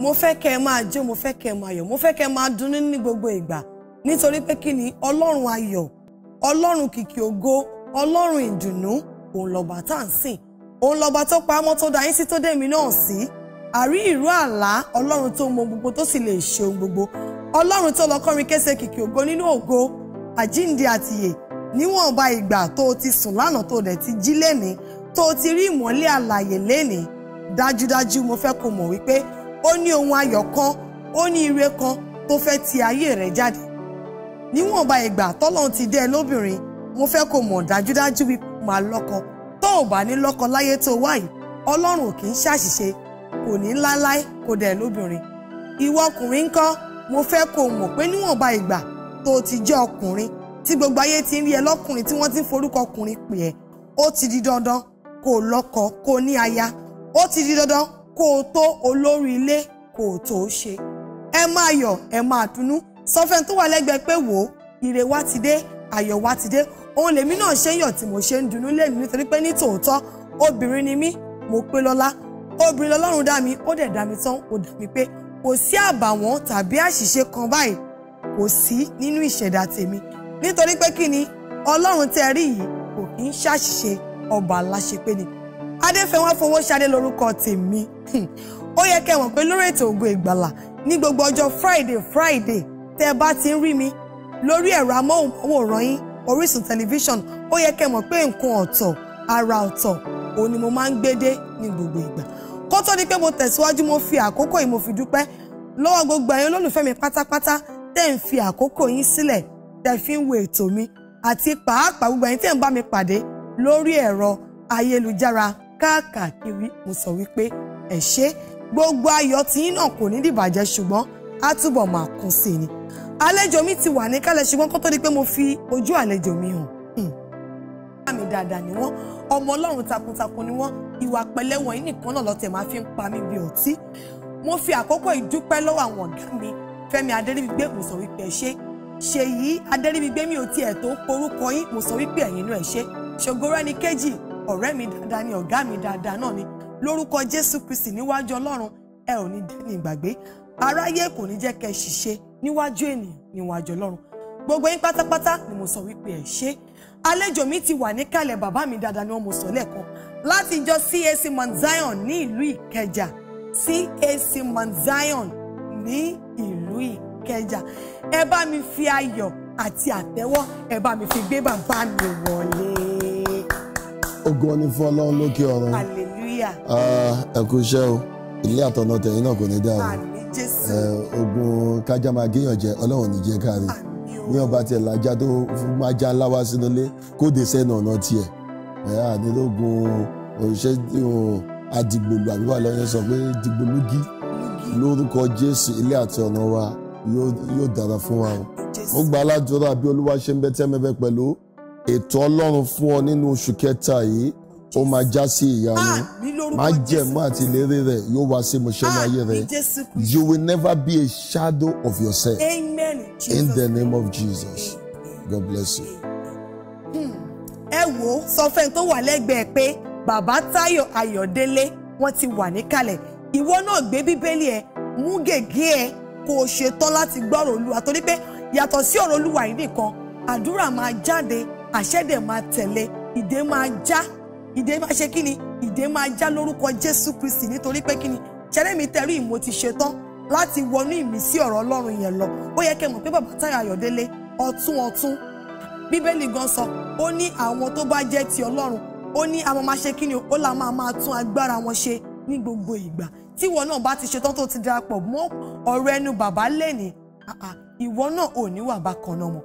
mo fẹ́ kẹ́ ẹ máa jó mo fẹ́ kẹ́ ẹ máa yọ̀ mo fẹ́ kẹ́ ẹ máa dunnú ní gbogbo ìgbà nítorí pé kí ni ọlọ́run ayọ̀ ọlọ́run kìkì ògo ọlọ́run ìdùnnú òun lọ́ba tá à ń sìn òun lọ́ba tó pa ámọ́ tó da yín sí tó dé mi náà sí àrí ìró àlá ọlọ́run tó mọ gbogbo tó sì lè ṣe ohun gbogbo ọlọ́run tó lọ kọrin kése kìkì ògo nínú ògo àjíǹde àtìyè níwọ̀nba ìgbà tó o ti sùn lánàá tó dẹ̀ ti jí lénìí tó ti rí ìmọ́lẹ̀ àlàyé lénìí dájúdájú mo fẹ́ kó mọ̀ wípé ó ní ohun ayọ̀ kan ó ní ire kan tó fẹ́ ti ayé rẹ jáde níwọ̀nba ìgbà tọ́lọ́run ti dé lóbìnrin mo fẹ́ kó mọ̀ dájúdájú wípé máa lọ́kọ tó ò bá ní lọ́kọ láyé tó wà yìí ọlọ́run ò kì í ṣàṣìṣe kò ní láláí kó dẹ̀ lóbìnrin ìwọ ọkùnrin ńkọ́ mo fẹ́ kó mọ̀ pé níwọ̀nba ìgbà tó ti jẹ́ ọkùnrin tí gbogbo ayé ti ń rí ẹ lọ́kùnrin tí wọ́n ti ń forúkọ ọkùnrin pè ẹ́ ó ti di dandan kó lọ́kọ kó ní aya ó ti di dandan kó o tó olórí ilé kó o tó ṣe ẹ máa yọ̀ ẹ máa dunnú sọ tó wà lẹ́gbẹ̀ẹ́ pé wò ó ire wa ti dé ayọ̀ wa ti dé òun lèmi náà ṣe ń yọ̀ tí mo ṣe ń dunnú lèmi nítorí pé ní tòótọ́ obìnrin ni mí mo pé lọ́lá obìnrin lọ́lọ́run dá mi ó dẹ̀ dá mi tán ó dá mi pé kò sí àbàwọ́n tàbí àṣìṣe kan báyìí kò sí nínú ìṣẹ̀dá tèmi nítorí pé kí ni ọlọ́run tẹ́ rí yìí kò kí ń ṣàṣìṣe ọba aláṣepé ni adéfẹ́wọ́n fowóṣadé lórúkọ tèmi ó yẹ kẹ́ mọ̀ pé lórí ètò ògo ìgbàlà ní gbogbo ọjọ́ friday friday tẹ́ ẹ bá ti ń rí mi lórí ẹ̀rọ amóhùnmáwòrán yín orísun tẹlifíṣàn ó yẹ kẹ́ mọ̀ pé nǹkan ọ̀tọ̀ ara ọ̀tọ̀ òun ni mo máa ń gbédé ní gbogbo ìgbà kó tó di pé mo tẹ̀síwájú mo fi àkókò yìí mo fi dúpẹ́ lọ́wọ́ gbogbo ẹ̀yin olólùfẹ́ mi pátápátá tẹ́ ń fi àkókò yín sílẹ̀ tẹ́ fi ń wo ètò mi àti pàápàá gbogbo ẹ̀yin tẹ́ ń bá mi pàdé lórí ẹ̀rọ ayélujára káàkiri mo sọ wípé ẹ ṣé gbogbo ayọ̀ tí yín náà kò ní dìbàjẹ́ ṣùgbọ́n á túbọ̀ máa kún sí ni àlejò mi ti wà ní kálẹ̀ ṣùgbọ́n kó tó di pé mo fi ojú àlejò mi hàn àmì hmm. dáadáa ni wọ́n ọmọ Ọlọ́run takuntakun ni wọ́n ìwà pẹ̀lẹ́ wọ̀nyí nìkan náà lọ́tẹ̀ máa fi ń pa mí bí ọtí mo fi àkókò ìdúpẹ́ lọ́wọ́ àwọn ọ̀gá mi Fẹ́mi Adéríbigbé mo sọ wípé ẹ ṣé Ṣèyí Adéríbigbé mi ò tiẹ̀ tó porúkọ yín mo sọ wípé ẹ̀yin náà ẹ ṣé Ṣògo Rẹ́nikejì ọ̀rẹ́ mi dáadáa ni ọ̀gá mi dáadáa náà ni lórúkọ Jésù Kristi níwájú Ọlọ́run ẹ ò ní dẹ́ni ìgbàgbé aráyé kò ní jẹ́ kẹ́ ẹ ṣìṣe níwájú ènìyàn níwájú Ọlọ́run gbogbo yín pátápátá ni mo sọ wípé ẹ ṣe àlejò mi ti wà níkàlẹ̀ bàbá mi dáadáa ni wọ́n mo sọ lẹ́ẹ̀kan láti ìjọ CAC Mount Zion ní ìlú Ìkẹjà CAC Mount Zion ní ìlú Ìkẹjà ẹ bá mi fi ayọ̀ àti àtẹ́wọ́ ẹ bá mi fi gbé bàbá mi wọlé ògo ni fún ọlọ́run lókè ọ̀run ẹ kú iṣẹ́ o ilé àtọ̀nà tẹ̀yìn náà kò ní dá o ogun kájà máa géèyàn jẹ ọlọ́run ní jẹ́ kárí ní ọba tiẹ̀ lájà tó máa já láwá sínú ilé kóde sẹ́nu ọ̀nà tiẹ̀ ẹ̀ ànílógún òṣìṣẹ́ àdìgbòlù àbíwá lọ́yẹ sọ pé dìgbòlùgí lórúkọ jésù ilé àti ọ̀nà wa yóò dára fún wa o mo gbà aládùúrà bí olúwa ṣe ń bẹ tẹ́mẹ́fẹ́ pẹ̀lú ètò ọlọ́run fún ọ nínú oṣù kẹta yìí ó máa já sí ìyanu ah, máa jẹ̀mọ́ àti ìlérí rẹ̀ yóò wá sí ìmúṣẹ láyé ah, rẹ̀ you will never be a shadow of yourself Amen. in the name of Jesus God bless you. Hmm. ẹ wo sọ fẹ́ni tó wà lẹ́gbẹ̀ẹ́ pé bàbá Táyọ̀ Ayọ̀délé wọ́n ti wà níkàlẹ̀ ìwọ náà gbé bíbélì ẹ mú gègé ẹ kó o ṣetán láti gbọ́rọ̀ olúwa torí pé yàtọ̀ sí ọ̀rọ̀ olúwa yìí nìkan àdúrà máa jáde àṣẹ dẹ̀ máa tẹ̀lé ìdè máa já ìdè máa ṣe kí ni ìdè máa já lórúkọ Jésù Kristi nítorí pé kí ni ṣẹlẹ́mi tẹ̀rí ìmọ̀ ti ṣe tán láti wọnú ìmísí ọ̀rọ̀ Ọlọ́run yẹn lọ ó yẹ kẹ́ mọ̀ pé bàbá Táyọ̀ Ayọ̀délé ọ̀tún ọ̀tún Bíbélì gan sọ ó ní àwọn tó bá jẹ́ ti Ọlọ́run ó ní àwọn máa ṣe kí ni ó la máa máa tún agbára wọn ṣe ní gbogbo ìgbà tí ìwọ náà bá ti ṣetán tó ti darapọ̀ mọ́ ọ̀rọ̀ ẹnu bàbá lẹ́nìí ìwọ náà ò ní wà bákan náà mọ́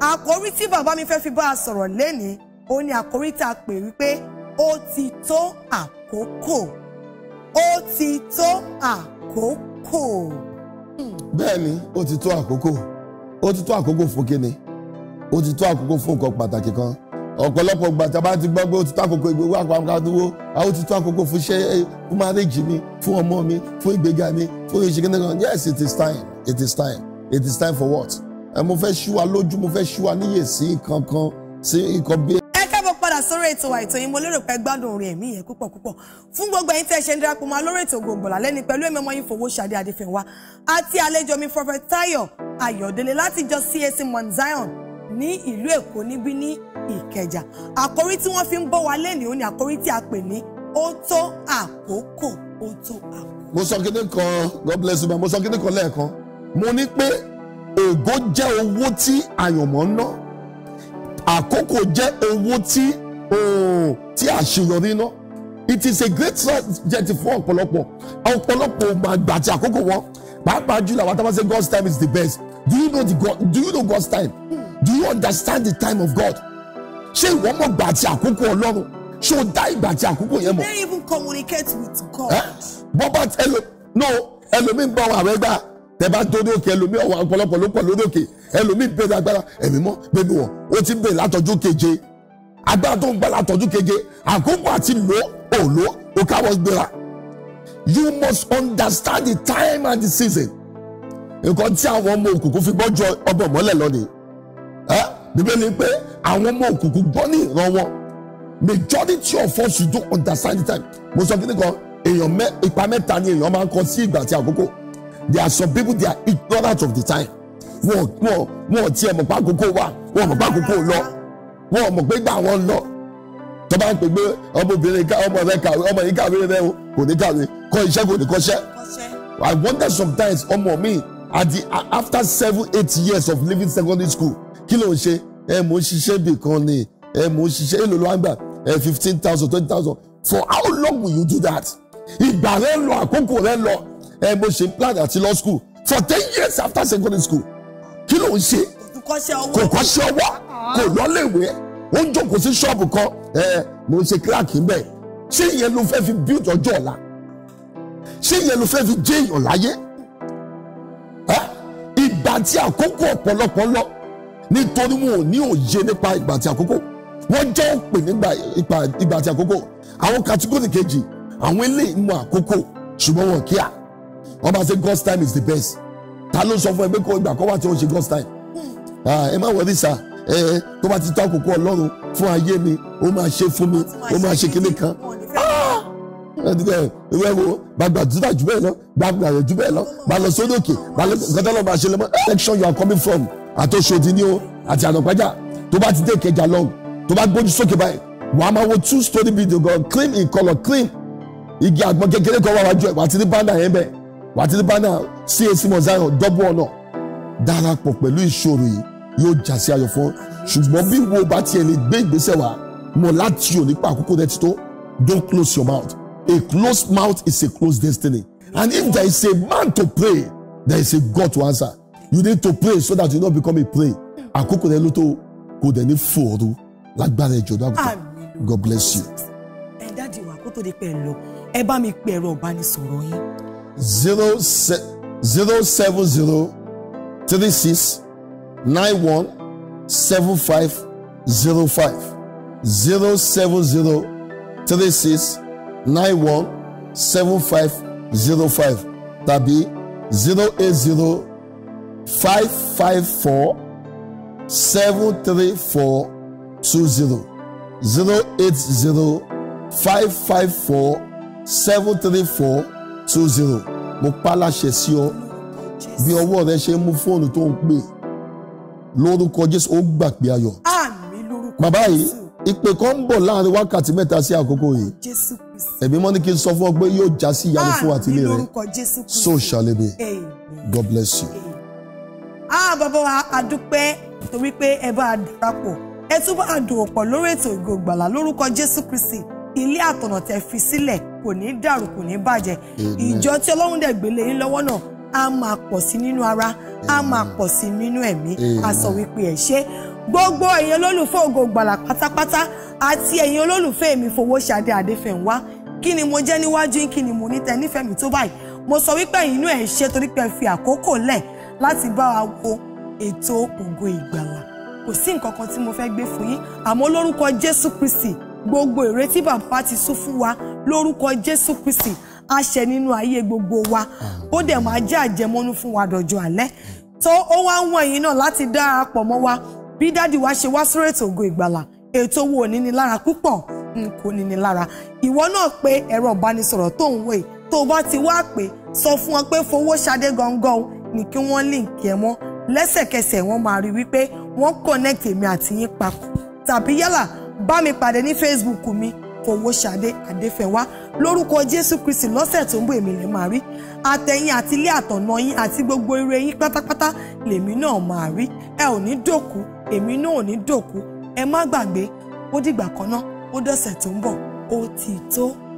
àkórí tí bàbá mi fẹ́ fi bá a sọ̀rọ̀ lénìí òun ni àkórí tá a pè wípé ó ti tó àkókò ó ti tó àkókò. bẹ́ẹ̀ni ó ti tó àkókò ó ti tó àkókò fún kíni ó ti tó àkókò fún nǹkan pàtàkì kan ọ̀pọ̀lọpọ̀ ìgbà tí a bá ti gbọ́ pé ó ti tó àkókò ìgbéwò àpamọ́kadúwó a ó ti tó àkókò fún iṣẹ́ eh, fún márèjì mi fún ọmọ mi fún ìgbéga mi fún ìṣègùn náà yes it is time it is time it is time for what ẹ mo fẹ́ ṣíwa lójú mo fẹ́ ṣíwa níyè sí kankan sí nǹkan bí. ẹ káàbọ̀ padà sórí ètò wa ètò yìí mo lérò pé gbádùn orin ẹ̀mí yẹn púpọ̀ púpọ̀ fún gbogbo ẹ̀yin tí ẹ ṣe ń darapọ̀ mọ́ lórí ètò Ògo Ìgbàlà lẹ́ni pẹ̀lú èmi ọmọ yín Fowóṣadé Adéfẹ̀wá àti àlejò mi Prophet Táyọ̀ Ayọ̀délé láti jọ CAC Mount Zion ní ìlú Èkó níbí ní Ìkẹjà àkórí tí wọ́n fi ń bọ́ wa lẹ́nìí ó ní àkórí tí mo sọ kíní kan God bless you man. mo sọ kíní kan lẹ́ẹ̀kan mo ní pé ògo jẹ́ owó tí àyànmọ́ ná àkókò jẹ́ owó tí tí àṣeyọrí ná it is a great strategy fún ọ̀pọ̀lọpọ̀ ọ̀pọ̀lọpọ̀ àgbà àti àkókò wọn pàápàá jùlọ àwọn tábà say God's time is the best do you know the God do you know God's time do you understand the time of God ṣé ìwọ mọ̀ gbà àti àkókò Ọlọ́run ṣé o dá ìgbà àti àkókò yẹn mọ̀. they even communicate with God. bọ́bá ẹlò no ẹlòmíì ń bá wọn àwẹ̀ gbà tẹ bá òkè ẹlòmí ọwọ́ ọ̀pọ̀lọpọ̀ ló pọ̀ lórí òkè ẹlòmí bẹ̀rẹ̀ agbára ẹ̀mí mọ́ bẹ̀mí wọ̀ ó ti bẹ̀rẹ̀ látọ̀jú keje agbára tó ń gbà látọ̀jú keje àkókò àti lò ó lò ó káwọ́ gbéra you must understand the time and the season nǹkan tí àwọn ọmọ òkùnkùn fi gbọ́jọ ọbẹ̀ mọ́lẹ̀ lọ́nìí ẹ́ bíbélì pé àwọn ọmọ òkùnkùn gbọ́ ní ìran wọn majority of us you don't understand the time mo sọ kí ni kan èèyàn mẹ́ ipa mẹ́ta ni èèyàn máa ń kọ sí ìgbà àti àkókò there are some people they are ignorant of the time wọn wọn wọn tiẹ̀ mọ̀ pé àkókò wà wọn mọ̀ pé àkókò lọ wọn mọ̀ pé gbà wọn lọ tó bá ń pè pé ọmọbìnrin ọmọ rẹ kàwé ọmọ yìí kàwé rẹ kò ní kàwé kọ́ iṣẹ́ kò ní kọ́ṣẹ́ I wonder sometimes ọmọ mi at the after seven eight years of leaving secondary school kí ló ń ṣe ẹ mò ń ṣiṣẹ́ bì kan ni ẹ mò ń ṣiṣẹ́ èlò ló wá ń gbà ẹ fifteen thousand twenty thousand for how long will you do that ìgbà rẹ lọ àkókò rẹ lọ ẹ mo ṣe plan àti law school for ten years after secondary school kí ló ń ṣe kò kọ́ṣẹ́ ọwọ́ kò lọ́lẹ̀wé ó ń jókòó sí ṣọ́ọ̀bù kan ẹ mo ń ṣe clerk ń bẹ̀ ṣé ìyẹn ló fẹ́ fi build ọjọ́ ọ̀la ṣé ìyẹn ló fẹ́ fi jẹ́ èèyàn láyé ìgbà tí àkókò ọ̀pọ̀lọpọ̀ lọ nítorí wọn ò ní òye nípa ìgbà tí àkókò wọ́n jẹ́ òpè nígbà ìgbà tí àkókò àwọn kàtíkòtì kejì àwọn eléyìí mọ àkókò ṣùgbọ́n wọn kíá wọ́n bá ṣe God's time is the best ta ló sọ fún ẹ pé kó ìgbà kọ́ wà tí wọ́n ṣe God's time ah, ẹ má wọlé sá ẹ tó bá ti tó àkókò Ọlọ́run fún ayé mi ó máa ṣe fún mi ó máa ṣe kíní kan ìwé ah! wo gbàgbà júdà jù bẹ́ẹ̀ lọ gbàgbà rẹ̀ jù bẹ́ẹ̀ lọ gbà lọ sódòkè gbà lọ gbàdá lọ́ba ṣe lọ́mọ election you are coming from àtòṣòdì ni o àti ànàpájà tó bá ti dé ìkẹjà lọ tó bá gbójú sókè báyìí wàá máa wo two story building gan clean in colour clean igi àgbọn kékeré kan wà wájú ẹ̀ wà á ti ní bánà yẹn bẹ́ẹ̀ wà á ti bá náà CAC Mount Zion double honor darapọ̀ pẹ̀lú ìṣòro yìí yóò já sí ayọ̀ fún ṣùgbọ́n bí wo bá tiẹ̀ lè gbé ìgbésẹ̀ wá mọ̀ láti ò nípa àkókò rẹ ti tó don't close your mouth a closed mouth is a closed destiny and if there is a man to pray there is a God to answer you need to pray so that you no become a prey àkókò rẹ ló tó kò dẹ̀ ní fòòró lágbára ìjọba àgùntàn God bless you. ẹ dáàdi wà kó tó di pẹ́ lọ ẹ bá mi pẹ̀rọ ìbánisọ̀rọ̀ yín zero zero seven zero three six nine one seven five zero five zero seven zero three six nine one seven five zero five tàbí zero eight zero five five four seven three four two zero zero eight zero five five four seven three four two zero mo pa láṣẹ sí ọ bí ọwọ́ rẹ ṣe ń mú fóònù tó ń pè lórúkọ Jésù ó gbà pé ayọ̀. àmín lórúkọ Jésù. bàbá yìí ìpè kan ń bọ̀ láàrin wákàtí mẹ́ta sí àkókò yìí ẹ̀mí mọ́ ní kí n sọ fún ọ pé yóò já sí ìyanu fún àtìlẹ́ rẹ so shall it be God bless you. ah bàbá wa adúpẹ́ torí pé ẹ bá a darapọ̀ ẹ tún bá a dòwò pọ̀ lórí ètò Ògo lórúkọ Jésù Kristi ilé àtọ̀nà tẹ́ fi sílẹ̀ kò ní dàrú kò ní bàjẹ́ ìjọ tí ọlọ́run dẹ̀ gbélé yín lọ́wọ́ náà a máa pọ̀ sí nínú ara a máa pọ̀ sí nínú ẹ̀mí a sọ wípé ẹ̀ ṣe gbogbo ẹ̀yin olólùfẹ́ Ògo Ìgbàlà pátápátá àti ẹ̀yin olólùfẹ́ mi Fowóṣadé Adéfẹ̀nwá kí ni mo jẹ́ níwájú yín kí ni mo ní tẹ nífẹ̀ẹ́ mi tó báyìí mo sọ wípé inú ẹ̀ ṣe torí pé ẹ fi àkókò lẹ̀ láti bá wa wo ètò Ògo Ìgbàlà kò sí nǹkan kan tí mo fẹ́ gbé fún yín àmọ́ lórúkọ Jésù Kristi gbogbo ìrètí bàbá ti sún fún wa lórúkọ jésù kristi àṣẹ nínú ayé gbogbo wa ó dẹ̀ máa jẹ́ àjẹmọ́nú fún wa dọ̀jọ́ alẹ́ tó ó wá ń wọ̀n náà láti darapọ̀ mọ́ wa bí dádì wa ṣe wá sórí ètò ògo ìgbàlà ètò wo ní ni lára púpọ̀ n kò ní ni lára ìwọ náà pé ẹ̀rọ ìbánisọ̀rọ̀ tó ń wò tó o bá ti wá pé sọ fún wọn pé fowó ṣadé gangan o ní kí wọ́n líǹkì ẹ̀ mọ́ lẹ́sẹ̀kẹsẹ̀ wọ́n máa rí wípé wọ́n connect èmi àti yín papọ̀ tàbí yálà bá mi pàdé ní Facebook mi Fowóṣadé Adéfẹ́wá lórúkọ Jésù Kristi lọ́sẹ̀ tó ń bọ̀ èmi lè máa rí àtẹ̀yìn àti ilé àtọ̀nà yín àti gbogbo ire yín pátápátá lèmi náà máa rí ẹ ò ní dòkú èmi náà ò ní dòkú ẹ má gbàgbé ó dìgbà kan náà ó dọ̀sẹ̀ tó ń bọ̀ ó ti tó.